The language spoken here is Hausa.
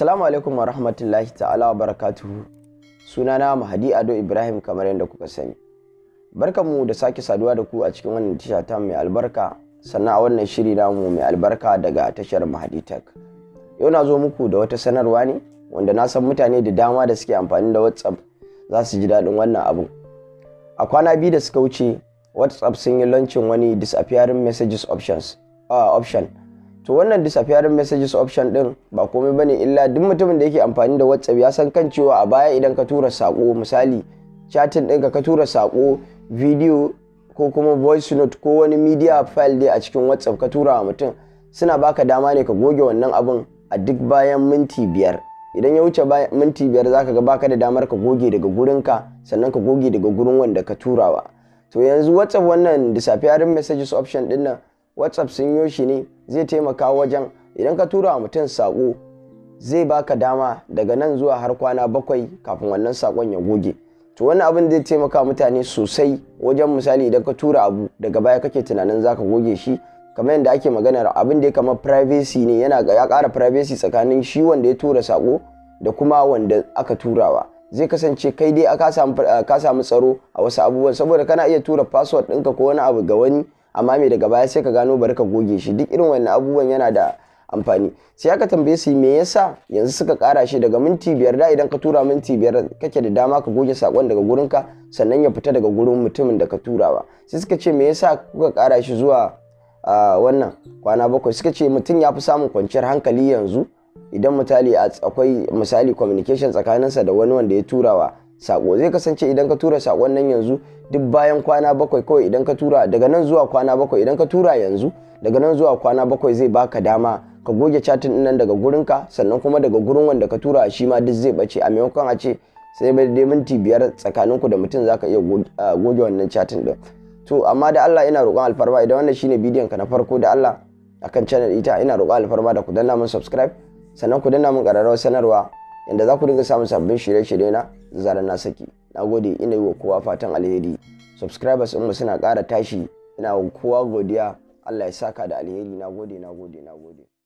Assalamu alaikum wa rahmatullahi ta'ala wa barakatuhu. Sunana Mahadi Ado Ibrahim kamar yadda kuka sani. Barkanmu da sake saduwa da ku a cikin wannan tisha ta mai albarka sannan a wannan shiri mu mai albarka daga tashar Mahadi Tech. Yau na zo muku da wata sanarwa ne wanda na san mutane da dama da suke amfani da WhatsApp za su ji daɗin wannan abu A kwana biyu da suka wuce WhatsApp sun yi lancin wani disappearing messages options uh, option to wannan disappearing messages option din ba komai bane illa duk mutumin da yake amfani da whatsapp ya san kan cewa a baya idan ka tura sako misali chatting dinka ka tura sako video ko kuma voice note ko wani media file dai a cikin whatsapp ka tura wa mutum suna baka dama ne ka goge wannan abun a duk bayan minti biyar idan ya wuce minti biyar zaka ga baka da damar ka goge daga gurinka sannan ka goge daga gurin wanda ka turawa to yanzu whatsapp wannan disappearing messages option din nan whatsapp sun yo shi ne zai taimaka wajen idan ka tura wa mutum sako zai baka dama daga nan zuwa har kwana bakwai kafin wannan saƙon ya goge to wani abin zai taimaka mutane sosai wajen misali idan ka tura abu daga baya kake tunanin zaka goge shi kamar yadda ake maganar abin da ya kama privacy ne yana ya kara privacy tsakanin shi wanda ya tura sako da kuma wanda aka turawa zai kasance kai dai ka samu tsaro a wasu abubuwan saboda kana iya tura password ɗinka ko wani abu ga wani amma mai daga baya sai ka gano bari ka goge shi duk irin wannan abubuwan yana da amfani sai aka tambaye su me yasa yanzu suka kara shi daga minti biyar da idan ka tura minti biyar kake da dama ka goge sakon daga gurin ka sannan ya fita daga gurin mutumin da ka turawa sai suka ce me yasa kuka kara shi zuwa wannan kwana bakwai suka ce mutum ya fi samun kwanciyar hankali yanzu idan akwai misali communication tsakaninsa da wani wanda ya turawa sako zai kasance idan ka tura sakon nan yanzu duk bayan kwana bakwai kawai idan ka tura daga nan zuwa kwana bakwai idan ka tura yanzu daga nan zuwa kwana bakwai zai baka dama ka goge chatin nan daga gurinka sannan kuma daga gurin wanda ka tura shi ma duk zai bace a maimakon a ce sai mai dai minti biyar tsakaninku da mutum zaka iya goge wannan chatin din to amma da Allah ina roƙon alfarma idan wannan shine bidiyon ka na farko da Allah akan channel ita ina roƙon alfarma da ku danna mun subscribe sannan ku danna mun ƙararrawar sanarwa inda za ku dinga samun sabbin shirye-shirye na zaren na saki na gode ina yi wa kowa fatan alheri subscribers mu suna ƙara tashi ina wa kowa godiya allah ya saka da alheri na gode na gode na gode